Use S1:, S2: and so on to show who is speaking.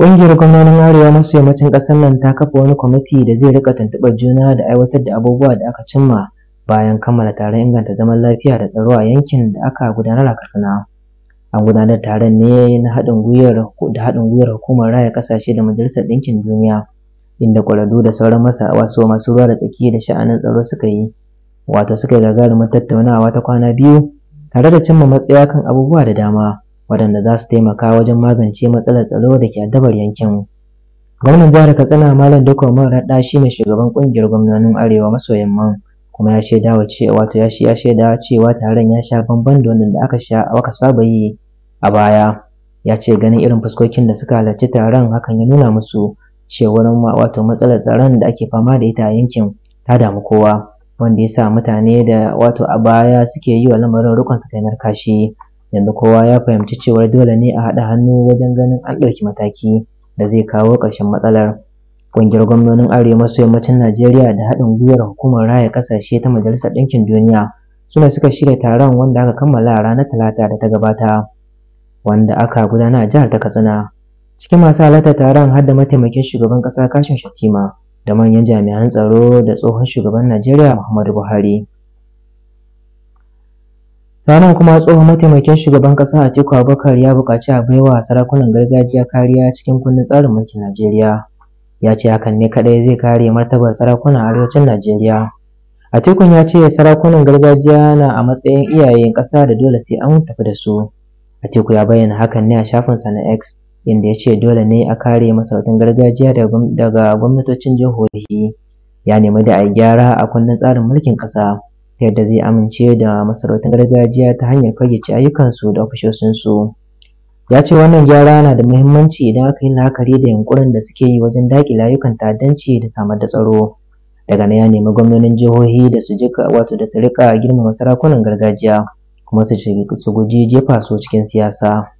S1: Ƙungiyar gwamnonin Arewa maso yammacin ƙasar nan ta kafa wani kwamiti da zai rika tuntuɓar juna da aiwatar da abubuwa da aka cimma bayan kammala taron inganta zaman lafiya da tsaro a yankin da aka gudanar a Katsina. An gudanar taron ne na haɗin gwiwar da haɗin gwiwar hukumar raya ƙasashe da Majalisar Ɗinkin Duniya, inda kwararru da sauran masa wasu masu ruwa da tsaki da sha'anin tsaro suka yi, wato suka yi gagarumin tattaunawa ta kwana biyu tare da cimma matsaya kan abubuwa da dama. waɗanda za su taimaka wajen magance matsalar tsaro da ke addabar yankin. Gwamnan jihar Katsina Malam Dukko Umar Radda shi ne shugaban ƙungiyar gwamnonin Arewa maso yamman kuma ya shaida wa cewa wato ya shi ya shaida cewa taron ya sha bamban da wanda aka sha aka saba yi a baya. Ya ce ganin irin fuskokin da suka halarci taron hakan ya nuna musu cewar wato matsalar tsaron da ake fama da ita a yankin ta damu kowa wanda ya sa mutane da wato a baya suke yi wa lamarin rukun kai kashi yanzu kowa ya fahimci cewa dole ne a haɗa hannu wajen ganin an ɗauki mataki da zai kawo ƙarshen matsalar ƙungiyar gwamnonin arewa maso yammacin najeriya da haɗin gwiwar hukumar raya ƙasashe ta majalisar ɗinkin duniya suna suka shirya taron wanda aka kammala a ranar talata da ta gabata wanda aka gudana a jihar ta katsina cikin masu halartar taron har da mataimakin shugaban ƙasa kashin shatima da manyan jami'an tsaro da tsohon shugaban najeriya muhammadu buhari ranar kuma tsohon mataimakin shugaban kasa Atiku Abubakar ya buƙaci a baiwa sarakunan gargajiya kariya cikin kundin tsarin mulkin Najeriya ya ce hakan ne kaɗai zai kare martabar sarakunan arewacin Najeriya Atiku ya ce sarakunan gargajiya na a matsayin iyayen ƙasa da dole sai an tafi da su Atiku ya bayyana hakan ne a shafinsa na X inda ya ce dole ne a kare masarautun gargajiya daga gwamnatocin jihohi ya nemi da a gyara a kundin tsarin mulkin ƙasa yadda zai amince da masarautar gargajiya ta hanyar fayyace ayyukansu da ofishoshinsu ya ce wannan gyara na da muhimmanci idan aka yi la'akari da yunkurin da suke yi wajen daƙile ayyukan ta'addanci da samar da tsaro daga nan ya nemi gwamnonin jihohi da su jika wato da su riƙa girmama sarakunan gargajiya kuma su guji jefa su cikin siyasa